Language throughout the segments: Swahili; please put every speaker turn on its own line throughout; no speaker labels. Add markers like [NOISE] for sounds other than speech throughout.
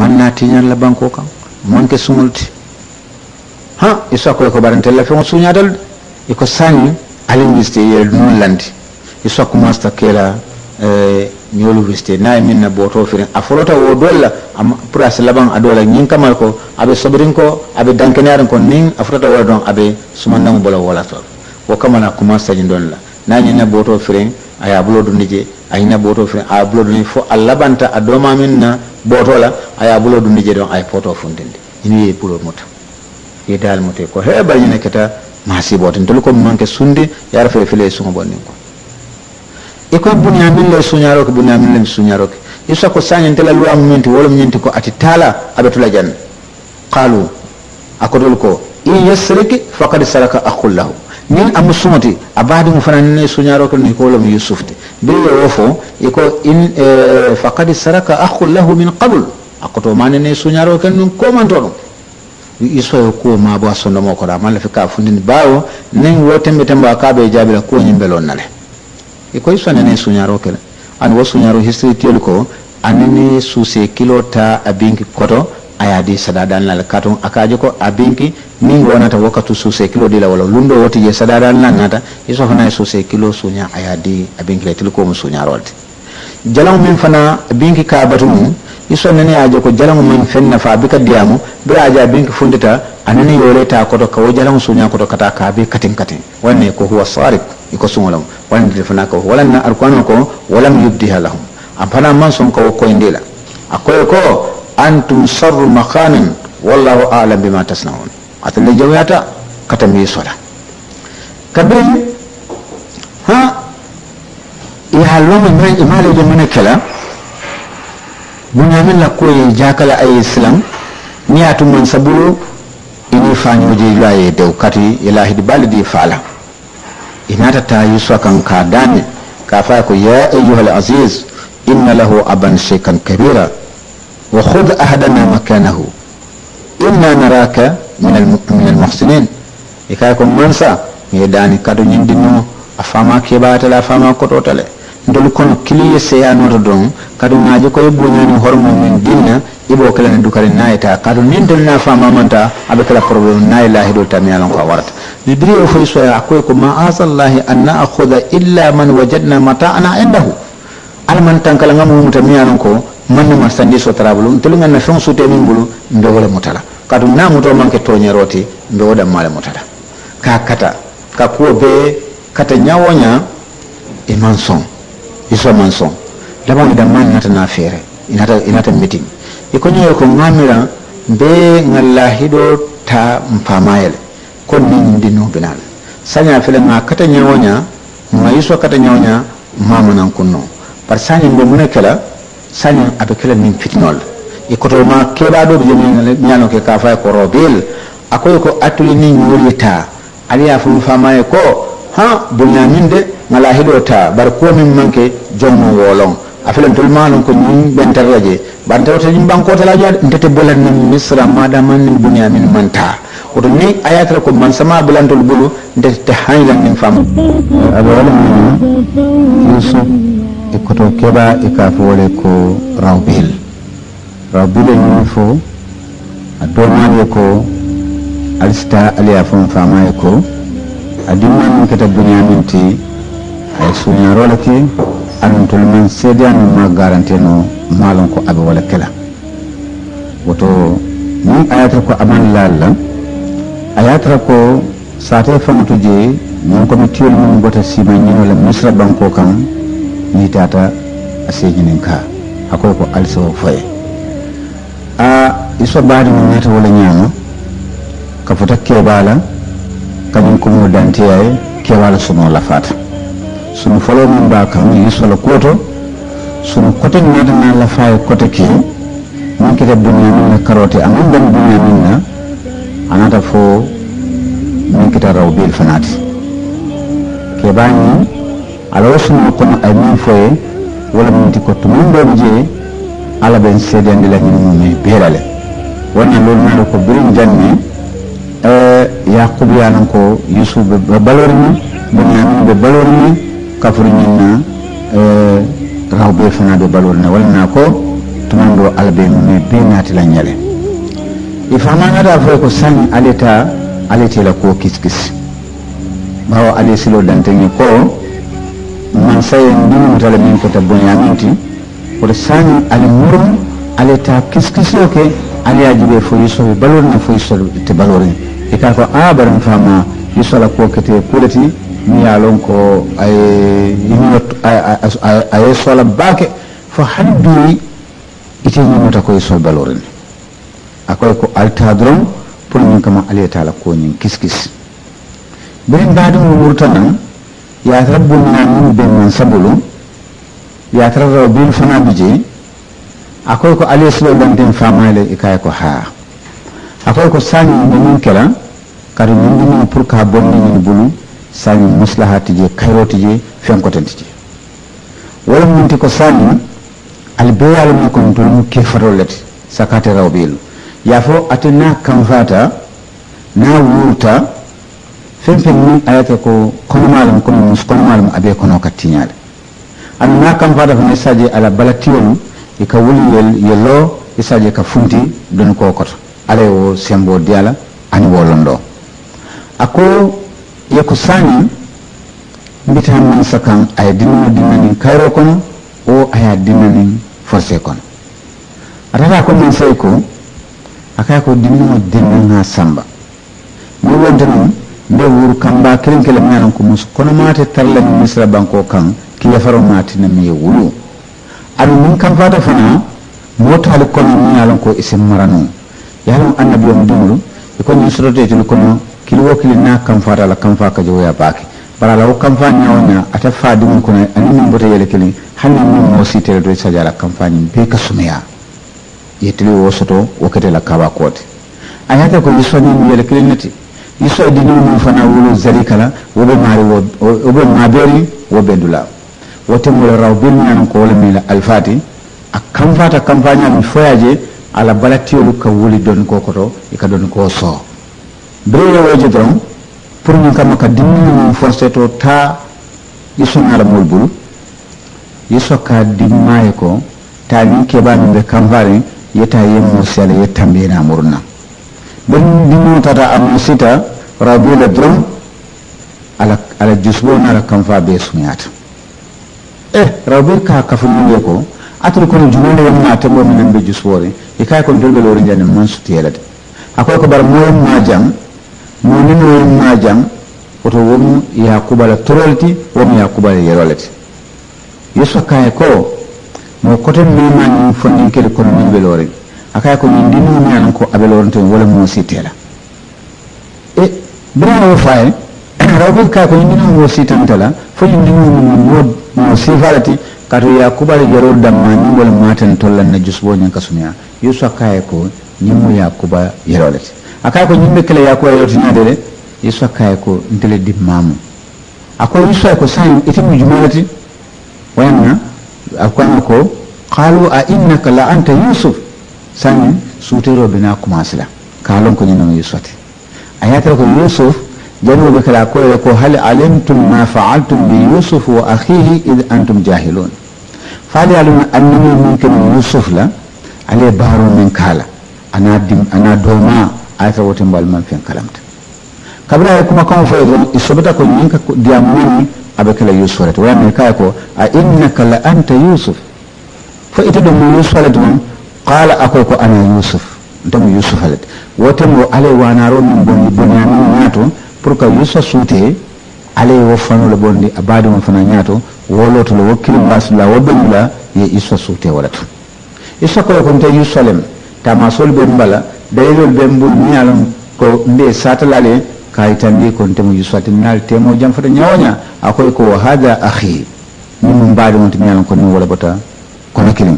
man naati ñan la banko kan man ke sumulti ha iso ko ko barante la fon suña dal e ko sanni alin wiste yel non landi iso ko masta kela eh ñolu wiste na min na boto firin a folota wo dolla am pras laban a dola ñin kamal ko abe sabrin ko abe dankenarin ko nin a folota wala don abe sumandam bola wala to wo kamana kuma sañi don la na ñin na boto firin aya bulo dunije ayina boto firin a bulo dunije fo a labanta a doma min na ɓootoola a yaa bulo dunde jeɗon ay pooto fundinde ine wiye bulo muta wi daal mutee ko heɓa ñine keta maasibooten tolu ko manque sunde yarafo e filee suŋo bonnin ko e koye buñaminle suñaroke buñaminle suñaroke i sako sañentela luwa muminti wolo muñinti ko ati taala aɓe tula janna qaalu a kotol ko in yasrik faqad saraka akullahu min amu suŋoti a baadiŋo fanaŋ ne suñaaroo kelu i ko wo yusuf ti biri ye wo fo i ko in eh, faqad saraka ahun lahu min qabl a koto maani ni suñaaroo kelu nuŋ koomanto ɗum iso ye kuwo maabo a sondomoo koto a maŋ lafi ka fundini baawo niŋ wo tembe tembo a ka be jaabi la kuwo ñiŋ beloŋ na le i ko i sone ne suñaaroo kele ani wo suñaaroo histori tiyolu ko aniŋ ni suusee kiloo taa a binki koto ayadi sadadan la katon akaji ko abinki min wonata wakkatu suuse kilo dila wala lundo woti je sadadan la nata iso fana suuse kilo sunya ayadi abinki tilko mu sunya rolti jalam min fana binki ka batu mu iso nani aji ko jalam min fenna fa bika diamu bi aji abinki fundita anani yole ta ko to ko jalam sunya ko to kata ka be katin katin wanne ko huwa sarik iko suŋolam wanne fana ko wala na arkanu ko walam yubdiha lahum am man sun ko ko koyndila akoy ko antum sarru makanin wallahu alam bima tasnaun atan da ta ka tambaye su da kabir ha ya ihallon mai imalai da mun kala mun yamin la koyi jakala ay islam ni atum man sabulu ini fani waje yaye dew kati ilahi di fala ina ta ta Yusuf kan ka dani ka fa ko ya ayyuhal aziz inna lahu aban shaykan kabira wa khudh ahadana makanahu inna naraka min almuhsinin i kay ko mansa mi dani kado ñindinoo a fama keɓatale a fama kototale ndol kono kiliye seyanoto don kadu ngaji koye buñani hormo min dinna ibo kelana dukari nayita kadu nin dol na famamanta aɓe kala probléme nayi lahidol tami alon ko warata mi o foy soya koye ko ma asallahi an naahuda illa man wajadna mata'ana indahu alaman tankala alon ko man ne man sandi sotara bulu ntolu ngan na feŋ sute min bulu ndo wala mutala muta la na muto manke to nyaroti ndo wala male mutala ka kata ka ko be kata nyawonya e manson man soŋ i so man soŋ labaŋ i damma nata na feere inata inata meeting i ko ñoyo ko ngamira be ŋa lahido ta nfamaye ko nin dinu binal sanya saña fele ŋa kata nyawonya ma ŋa kata nyawonya mamana kunno par sanya ndo munekela ke sani aɓe kelen min fitinol e kotoma keɓaɗoɓe jom ñanoke ka fay ko robel akoye ko attule ni ñoolita aliya fulu famaye ko ha bonñamin de ngala heɗo ta bar komin manke jommo wolon a filan tol malon ko ñin ɓenterla je ɓantarota ñin ɓankotala jaade ntete bolannan misra madaman nin bonyamin manta oto ni ayatara ko man sama bulantol bulu ntete te haylan nin fama aɓe waɗa min yusuf koto keɓa e ka fo wole ko rawbihel rawbihel min fo a domani e ko alisita aliya fon fama e ko a dimma min keta buñamin ti ay suñarole ke anon tol men seediyano ma garanteno malon ko aɓe wala kela woto min a yatara ko aman lalla a yatara ko sate famatu je min komi tiyol min gota sima ñinole misra banko kan ni tata a señinin ka akoy ko alisawo faye a iso baade mo ñata wala ñaama ka fota keɓala kañum komo dantiyaye keɓala sono lafata sono folo mum ba kam yisola koto sono coté nata na lafaye coté ke min kete duniya min na karote aman dan duniya min na anata fo min kita rawbil fanati keɓani ala wo suno kono a min fo ye wala min ko tumin ɗon ala ɓen seedende la ñinne beela le wonna loolu nalo ko birin janne yakubu yalan ko yusuf ɓe balorini benyamin ɓe balorini kafuri ñinna rawɓe fana ɓe balorina walana ko tumin ala ɓe mume be naati la ñale i famanata foye ko sañ aleta aletela ko kiskis ɓawa ale silo danteñi ko saye ndin mutala min keta boñamin ti woto sañi ali murum ala ta kiskisio ke ala ye fo yusuf balor na fo yusuf te balorin e ka ko a baran fama yusuf ala ko kete kuleti mi ya lon ko ay yimino ay sola bake fo hadduri ite ñimota ko yusuf balorin akoy ko alta dron pour min kama ala ta ala ko ñin kiskis ben gadum yaatarabbulnaa min bennan sabulum yaatararraw bil fana je akoy ko aliye sulo danten famale e kay ko ha akoy ko sañi ɓe min kela kadi nandimina pour ka bonni ñin bulu sani maslahati je kayroti je fenkotenti je wala munti ko sañi albeyalu ma kon tol mu ke sakate raw ɓeelu yafo atena kam fata na wurta feŋ feŋ miŋ a ye ke ko konoma lem kono musu konoma lem a bee kono ka tiña le aduŋ niŋ a kanfaata fana i se a je a bala tiyoŋ i ka wuli yel loo i ka funti donikoo koto ala ye wo semboo diya la ani wo londoo a ko ye ko saañiŋ mbita mansa sakan a ye dinnoo dinna ni kayiroo kono o a ye a dinna niŋ forcé kono a tata a ko mansa ye ko a ka ye ko dinnoo dinna ŋa samba mi wonte nuŋ mbe wuru kamba kelen kelen ko musu kono mate tarla mi misra banko kan ki yafaro na mi wulu adu min kan fata fana moto kono mi alan ko isim marano yalan annabi on dumulu e ko ni sorote kono kili wo kili na kan fata la kan fa ka joya baki bara la kan fa na ata fa dum kono ani min bote yele kelen hanna min mo sitere do sajara kan fa ni be ka sumiya yetli wo soto wo kete la kaba kote ayata ko yisoni yele kelen nati isa dinaw min fana wolo zari kala wo be maari wo be maabeeri wo be dula wote mula raw bin ñanan ko wala min la alfati a kamfata kamfañamin foyaje ala balatiyolu ka wuli doni ko koto i ka doni ko soo bere woje doron pour ñin kama ka dimmini mum forcé to ta i la mol bulu iso ka ka dimmaye ko ta ñin keɓamin ɓe kamfani yeta ye musele ye tambiyena murna ɓen dimmo tata a sita rabula dɔrɔn ala ala jusubo ala kanfa bɛɛ sumayata eh rabe ka kafunde ko atul kono jumole yam ma tambo min be jusbore e kay ko dolbe lori jani man suti yelade akoy ko bar moy ma jam mo ni moy ma jam oto wom ya kubala torolti wom ya kubala yerolati ka kay ko mo kote mi ma ni fondin kel kono min be lori akay ko min dinu mi an ko abe loronto wala mo sitela bra o fai [COUGHS] rabu ka ko mina mo tala fo ni mo mo mo sifalati kato yakuba le jaro damma ni wal matan tollan na jusbo nyen kasumya yusa kaye ko ni mo jaro lati akay ko nyimbe kele yakuba yarolati na dele yusa kaye ko ntele dimamu ko yusa ko sai itimu jumalati wayanna akwana ko qalu a innaka la anta yusuf sani sutero bina kuma sila kalon ko nyina yusuf أن يتركوا يوسف جنوب كلا كويلكو هل علمتم ما فعلتم بيوسف وأخيه إذ أنتم جاهلون فهل يعلم أنني ممكن يوسف لا عليه بارو من كالا أنا دم أنا دوما آية وتم بالمن في كلامت قبل أن يكون كم فيضون إصابتك ينك ديامون أبك يوسف رت ويا من كايكو لأنت يوسف فإتدم يوسف رت قال أكوكو أنا يوسف ntemu yusufa lete wotemu ala ye wanaro niŋ bondi boniyaniŋ ñaato pour que yusa suutee ala ye wo fano le bondi a baadiŋo fana ñaato wo lotu la wo kiribaasu la wo beñu la ye isa suutee wo le to isa koyo ko nte yusa lem taamasolu be mbala dayilolu be mbulu miŋ ye loŋ ko mbe satala le ka yitandi ko ntemu yusa ti naali teemo janfata ñawo ña a koy ko wa hada ahi niŋ mu baadiŋo ti miŋ ye loŋ ko niŋ wo le bota kono kiliŋ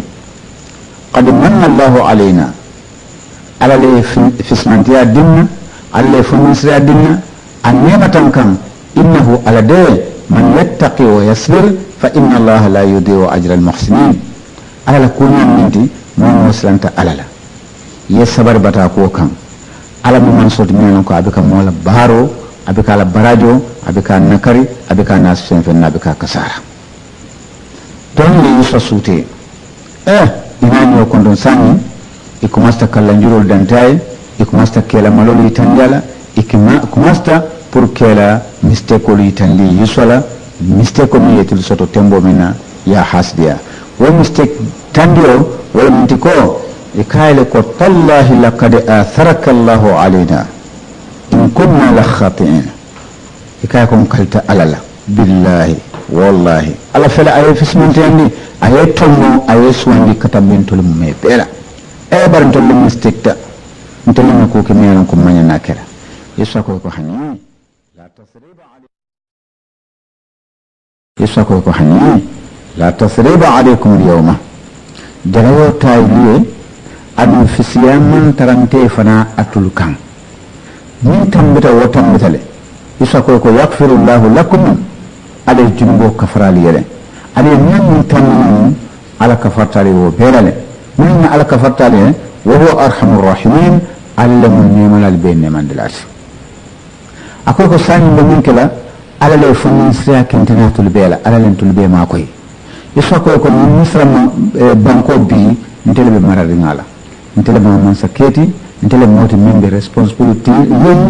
qad manna allahu alayna alal e fisnantiya dinna allah e funnisira dinna a nematan kan innahu ala de man yattaqi wa yasbir fa inna allaha la yudiu ajra almuhsinin alala kuñan minti mon musilanta alala ye sabar bata ko kan ala mo man soti minen ko abe ka mola baro abe ka ala barajo abe ka nakari abe ka nasu fen fen abe ka kasara don le yusa sute eh imani wa kondon sani ikumasta commenceta kallanjurol dantaye ikumasta kela malol yitandi ala i commenceta pour kela mistekol yitandi yisola mistake min yetil soto tembo mina ya hasdiya wo mistake tandio wala minti ko e ko tallahi laqad atharaka allahu alayna in kunna la khatiin e kay kon kalta alala billahi wallahi ala fela aye fismante andi aye tommo suwandi katambintol mum e bar ntolli mistikta ntolli ma kuke mi yaran kun manya nakira yasa ko ko hani la tasriba yasa ko ko hani la tasriba alaykum al-yawma jalawo tayliye adu fisiyaman tarante fana atul kan min tambita wo tambitale yasa ko ko yakfirullahu lakum ala jumbo kafarali yere ala nyamu tanu ala kafartali wo berale من على كفرت عليه وهو أرحم الراحمين علم النيمان البين نيمان دلاش أقول كسان بمن كلا على لو فنان سريا كنتنا تلبي على على لن تلبي ما كوي يسوع كوي كون مصر آه، بانكو بي نتلبي بي مرار نالا نتلبي ما من سكيتي نتلبي موتي من بي responsibility يوم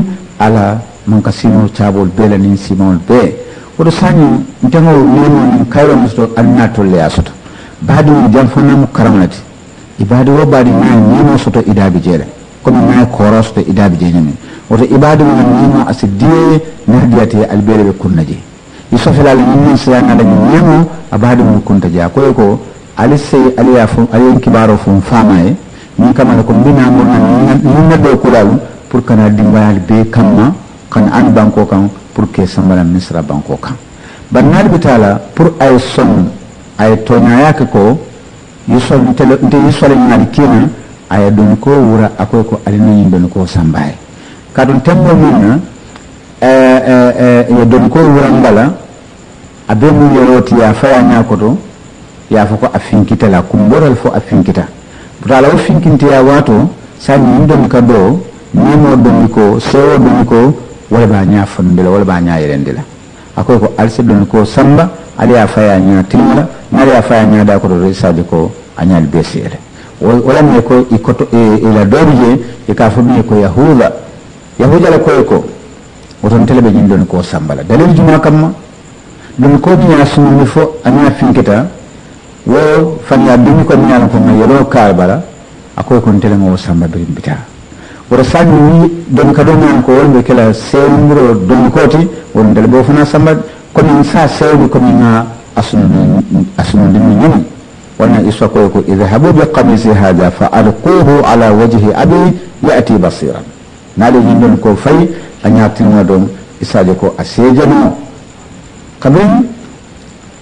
على من كسينو تابول بيلا نين سيمون بي ودو ساني نتنو نيمان كايرو مستو أنا تلبي أسوتو بعد من جنفنا مكرمتي ibadi wo baadi maa ñima soto idaabi jeele kono maa koro soto idaabi jeeñamin woto ibadi mo an ñima asi diye nehdiyate albeere ɓe kunna je i sofilal ñimmin silangaɗa ñi ñamo a baadi mum kunta je koye ko ali sey aliya fo aliyen kibaro fum faama e min kamata ko mbinamon an nunnadɗo kuɗalum pour kana dimbayal be kamma kan an banko kan pour que sambala misra banko kan bannaɗo ɓe pour aye son aye toñayake ko yusol nte yusole ŋaali kena a doni ko wura a koye ko ali nañin ko sambaye katum tembo na ye doni ko la be mu yeroo ti a koto ko a fo a finkita wo finkintiya sa ñin doni ka doni ko doni ko wala baa ñaa fanndi la la akoko alisidon ko samba ali ya faya nya timla nari ya faya nya da ko do sadi ko anyal besere wala me ko ikoto e, ila dorje e ka fami ko yahuda yahuda la ko ko woton telebe jindon ko samba la dalil juma kamma dum ko dinya sunu fo anya finketa wo fanya dum ko nyala ko ma yelo karbala akoy kon telemo mo samba birim bita wora sanni don ka do nan ko wolɓe kela sewdiro donni kooti woni ndel ɓo fana sambat komin sa sewdi komin a asunudimi ñini wannan isa koye ko idhabu bi qamisi hada fa alquhu ala wajhi abi yati basiran naɗe ñindon ko fayi a ñatinma ɗon isaje ko a seejano kaɓen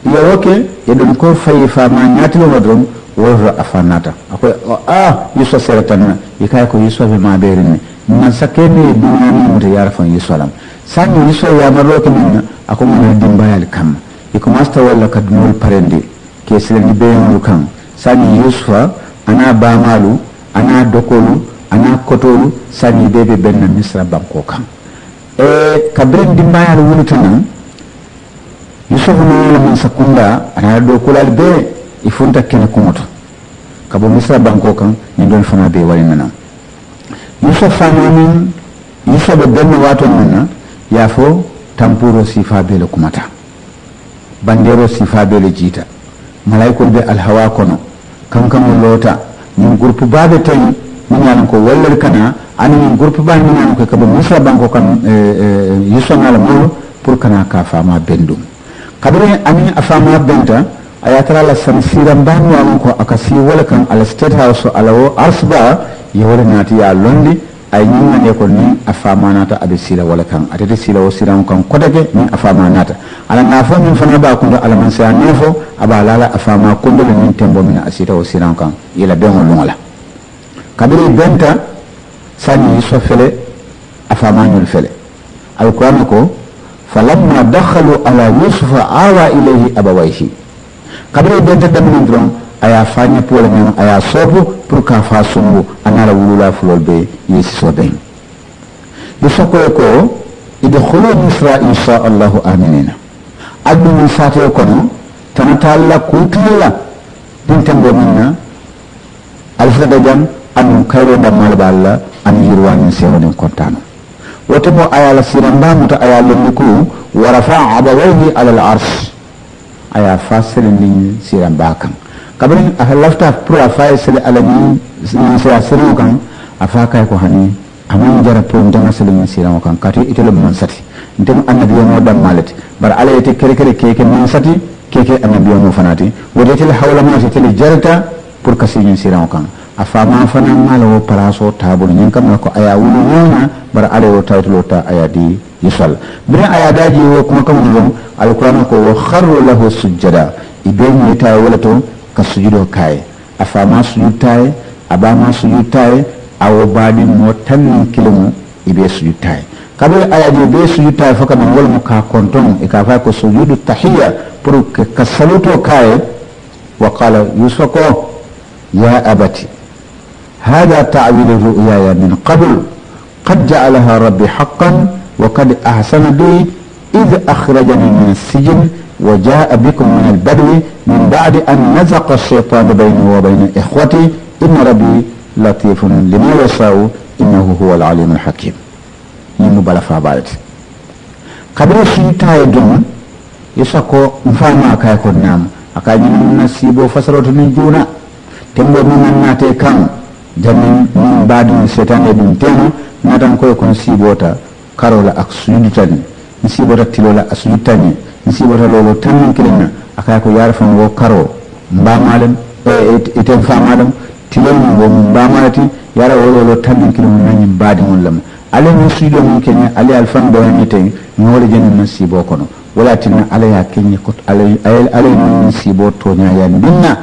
yowoke yeɗon ko fayi fama ñatiloma doron worro a fannata akoye o a yusso sere tanna yikay ko yussoɓe ma ɓerin ni man sakkene dunaninmoto yara fon yussolam sanni yusso yamarroke minna ako mona dimbayal kamma iko masta walla ka dunol parende ke silani ɓeyamalu kan sani yusufa ana bamalu ana dokolu ana kotolu sani ɓeɓe ɓenna misra banko kan e ka biren dimbayal wulitanan yusuf yusufu na yalaman sakunda ana dokulal be ifunta kene kuŋoto kabo misra banko kan ñin doon fana be wari nana yusuf fananin yusuf be benn waato nana yaa fo tampuro sifa be le kumata bandero sifa be le jiita malaykol be alhawa kono kankaŋo loota ñin groupe baabe teŋ min yalan ko wallal kana ani ñin groupe ba min yalan ko kabo misra banko kan eh, eh, yusuf ŋa la moolu pour kana ka faama bendum kabiri amin afama benta aya tara la sansiran banu alon ko akasi wala kan ala state house ala wo arsba ye wala nati ya londi ay nyinga ne ko ni afama nata abe sira wala kan atete sila wo siran kan kodage ni afama nata ala na fo min fana ba kundo ala man sa nefo fo aba lala afama kundo le min tembo min asita wo sira kan yela be mo ngala kabiri benta sani so fele afama nyul fele alquran ko فلما دخلوا على يوسف آوى إليه أبويه kabla identa damini dron aya fanya pole men aya sobo pour ka fa sungu anala wulula fulol be yesi soden bi sokoy ko idkhulu misra insha Allah aminina addu min sate kono tanata alla kutila dinta gomina alfada jam anu kayro da malballa an yirwani sewani kontano وتبو أيا لسيرندام أيا لنكو ورفع أبويه على العرش أيا فاسر من سيرنداكم kabrin a lafta pro a fayi sili alabi na siya siri kan a fa kai ko hani amin jara pro ndan asali min sira kan kato ita lum man sati ndan annabi yo dan malat bar ala yati kere kere keke man sati keke annabi yo fanati wadatil hawla ma tatil jarta pur kasi min sira kan afama fama fana malawo paraso tabulu ñin kam ko aya wulu wona bara ala yo tawtulota aya di yisal bira aya daji wo kuma kam ɗum alqur'ana ko wa kharru lahu sujjada ibe ñeta wala to ka sujudo kaye afama fama sujud taye a sujud taye awo baɗi mo tannin kilimu ibe sujud taye kabe aya je be sujud taye fo kam wol mo ka konton e ka fa ko sujudu tahiyya pour ka saluto kaye wa qala yusuf ko ya abati هذا تعبير رؤياي من قبل قد جعلها ربي حقا وقد أحسن بي إذ أخرجني من السجن وجاء بكم من البدو من بعد أن نزق الشيطان بيني وبين إخوتي إن ربي لطيف لما يشاء إنه هو العليم الحكيم نمو فابالت قبل سيتا يدون يساكو مفاما كايكو نام أكاين من نسيبو فسرة من جونا من ناتي كام jannin min baadin setane ɗin tema natan koye kon siibota karola ak sujudutani n siibota tilola a sujudutani n siibota lolo tannin kilinna ko yaare wo karo mbamalem e, e, iten famalem tilol mum wo mum mbamalati yara wo lolo tannin kilin mum nañin ala min sujudo mum keña ala alfan ɗoyani ten ñowole janin man siibo kono wala tinna ala ya keñe ko ala ala min siibo toñayani ɗinna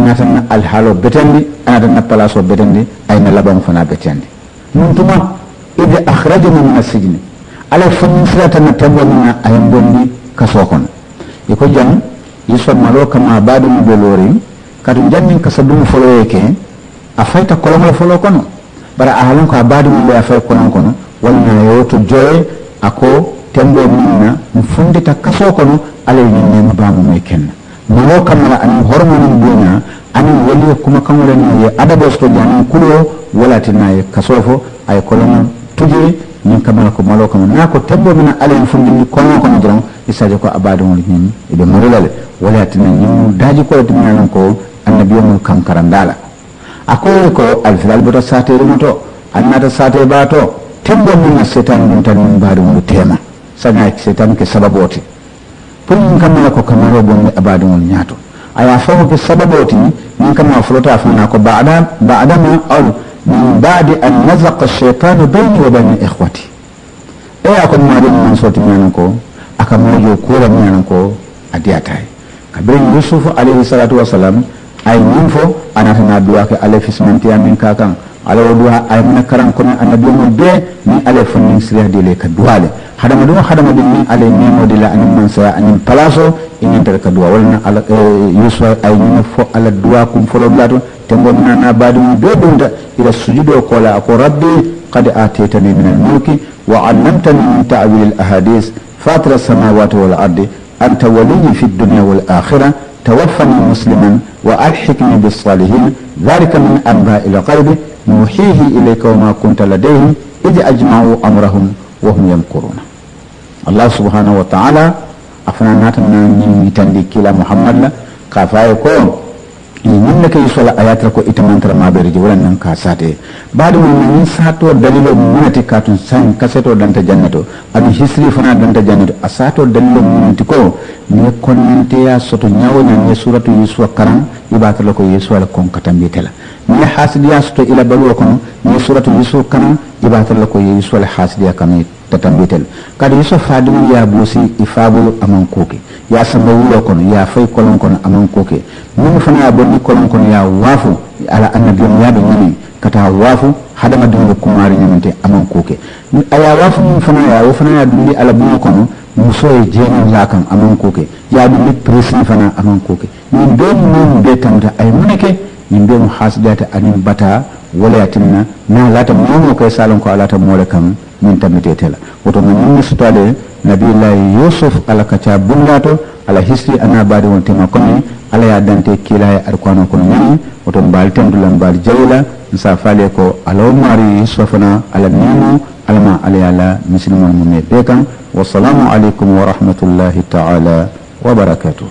na alhaalo betendi anatanna place o betendi ayna labaŋo fana betendi nun tuma ide akhrajna min asijini ala fannin siratanna tembo mina ayen bondi kasoo kono iko jang i kama baadumi be loorin katu jannin kasa dumu foloye ke a fayta kolomo le foloo kono bara a halon ko a baadumi be a fay kolon kono walna yewoto joye ako tembo min mi fundita kono ye kenna mɔgɔw ka mara ani hɔrɔn minnu bonya ani wali ye kumakan wɛrɛ n'a ye adabɔsɔ jani kulo wala tɛ ye ka sɔrɔ fɔ a ye kɔlɔnna mm-hmm. tuje nin kamala ko malo kama na ko tabbo mina ala fu min ko kono ko ndron isaje ko abadu woni hin e be moro lale wala tin ni daji ko tin nan ko annabi mun kan karandala ako ko al filal boto sate rumoto annata sate bato tabbo min setan mun tan mun bari mun tema sana setan ke sababoti pour ñiŋ ka ko kamaro bonde abaadiŋol ñaa to a ye a ke sababoo ti niŋ kama folota a faŋ na baadama aw min baadi an nazaka cheitanu bayni wa bayna ikhwati e ye a ko maari maŋ sooti miŋ ko a ka moo joo ko yusufu alayhi salatu wasalam a ye ñiŋ fo a naata naa duwa ke ala ala wo duwa ay mana karan kono annabi mo be ni ale fonni siriya dile ka duwale hadama dum hadama dum ni ale ni mo dile anin man sa anin palaso inin tar ka duwa wala ala yusuf ay ni fo ala duwa kum folo blato te mo na na badum be dunta ila sujudo ko la ko rabbi qad ataytani min al-mulki wa 'allamtani min ta'wil al-ahadith fatira as-samawati wal ardi anta waliyyi fi ad-dunya wal akhirah توفني مسلما والحقني بالصالحين ذلك من انباء القلب نوحيه إليك وما كنت لديهم إذ أجمعوا أمرهم وهم يمكرون الله سبحانه وتعالى أفنانات من يتندي كلا محمد كفاية كون minne ke yusola ayatara ko itamantara je wala nan ka sate baade mum ni sato dalilo munati katun sain kaseto danta janneto aɗum hisri fana danta janneto a sato dalilo munati ko ne ya soto ñawoña ne suratu yusuwa karan ibatala ko yesuwa la konkatambitela ne hasidiya soto ila balu kono ne suratu yusuwa karan ibatala ko yesuwa la hasidiya kamit tatambitel kadi yeso fadimi ya bosi ifabulu aman koke ya samba wulo kono ya fay kolon kono aman kuke min fana ya bonni kolon kono ya wafu ala annabiyum ya be nyami kata wafu hadama dum ko mari nyamante aman ni aya wafu min fana ya wo fana ya dumbi ala bu kono muso ye jeni la kan aman koke ya dumbi presi fana aman koke ni be min be tamta ay munike ni be mu hasdata anin bata wala yatimna na lata momo ko salon ko alata mole kam min tamete tela woto no min sutade nabillahi yusuf ala kaca bundato ala hisri ana bari won tema komi ala ya dante kila ya arkwano kono nani woto mbal tendula mbal jawla nsa fale ko alaw mari yusufana ala nemo alama ala yala muslimon mume bekan wassalamu alaikum wa rahmatullahi ta'ala wa barakatuh